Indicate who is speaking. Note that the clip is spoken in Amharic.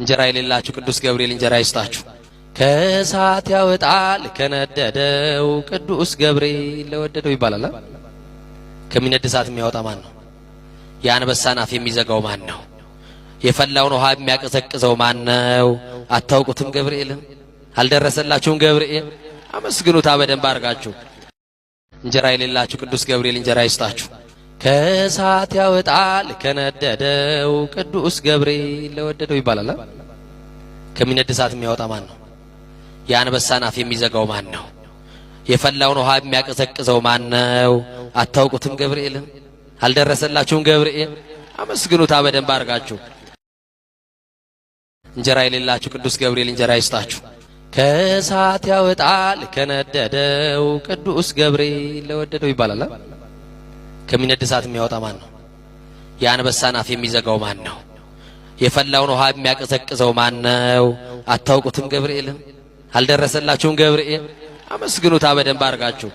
Speaker 1: እንጀራ የሌላችሁ ቅዱስ ገብርኤል እንጀራ ይስጣችሁ። ከእሳት ያወጣል ከነደደው ቅዱስ ገብርኤል ለወደደው ይባላል። ከሚነድ እሳት የሚያወጣ ማን ነው? የአንበሳን አፍ የሚዘጋው ማን ነው? የፈላውን ውሃ የሚያቀዘቅዘው ማን ነው? አታውቁትም? ገብርኤልን አልደረሰላችሁም? ገብርኤል አመስግኑታ በደንብ አድርጋችሁ። እንጀራ የሌላችሁ ቅዱስ ገብርኤል እንጀራ ይስጣችሁ። ከእሳት ያወጣል ከነደደው ቅዱስ ገብርኤል ለወደደው ይባላል። ከሚነድ እሳት የሚያወጣ ማን ነው? የአንበሳን አፍ የሚዘጋው ማን ነው? የፈላውን ውሃ የሚያቀዘቅዘው ማን ነው? አታውቁትም? ገብርኤልን አልደረሰላችሁም? ገብርኤል አመስግኑታ በደንብ አድርጋችሁ። እንጀራ የሌላችሁ ቅዱስ ገብርኤል እንጀራ ይስጣችሁ። ከእሳት ያወጣል ከነደደው ቅዱስ ገብርኤል ለወደደው ይባላል። ከሚነድ እሳት የሚያወጣ ማን ነው? የአንበሳን አፍ የሚዘጋው ማን ነው? የፈላውን ውሃ የሚያቀዘቅዘው ማን ነው? አታውቁትም? ገብርኤልን አልደረሰላችሁም? ገብርኤል አመስግኑታ በደንብ አድርጋችሁ።